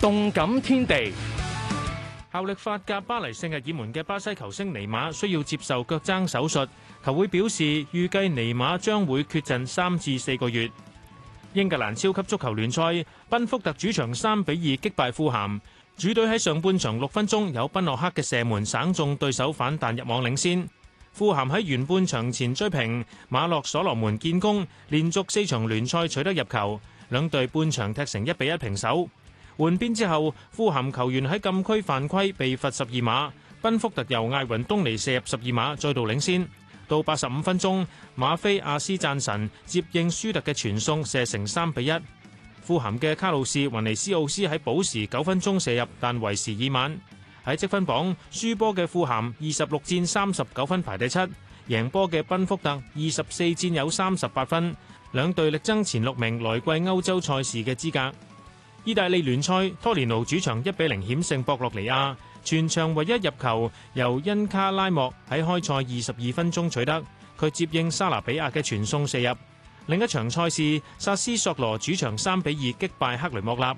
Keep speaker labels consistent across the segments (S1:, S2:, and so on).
S1: 動感天地效力法甲巴黎聖日耳門嘅巴西球星尼馬需要接受腳踭手術，球會表示預計尼馬將會缺陣三至四個月。英格蘭超級足球聯賽，賓福特主場三比二擊敗富咸，主隊喺上半場六分鐘有賓諾克嘅射門，省中對手反彈入網領先。富咸喺完半場前追平，馬洛索羅門建功，連續四場聯賽取得入球，兩隊半場踢成一比一平手。換邊之後，富咸球員喺禁區犯規被罰十二碼，賓福特由艾雲東尼射入十二碼，再度領先。到八十五分鐘，馬菲亞斯讚臣接應舒特嘅傳送射成三比一。富咸嘅卡路士雲尼斯奧斯喺補時九分鐘射入，但為時已晚。喺積分榜，輸波嘅富咸二十六戰三十九分排第七，贏波嘅賓福特二十四戰有三十八分，兩隊力爭前六名來季歐洲賽事嘅資格。意大利聯賽，托連奴主場一比零險勝博洛尼亞，全場唯一入球由因卡拉莫喺開賽二十二分鐘取得，佢接應沙拿比亞嘅傳送射入。另一場賽事，薩斯索羅主場三比二擊敗克雷莫納。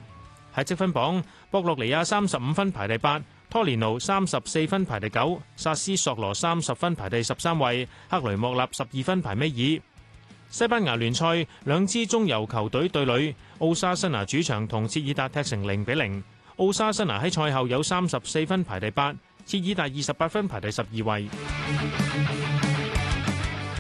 S1: 喺積分榜，博洛尼亞三十五分排第八，托連奴三十四分排第九，薩斯索羅三十分排第十三位，克雷莫納十二分排尾二。西班牙聯賽兩支中游球隊對壘，奧沙辛拿主場同切爾達踢成零比零。奧沙辛拿喺賽後有三十四分排第八，切爾達二十八分排第十二位。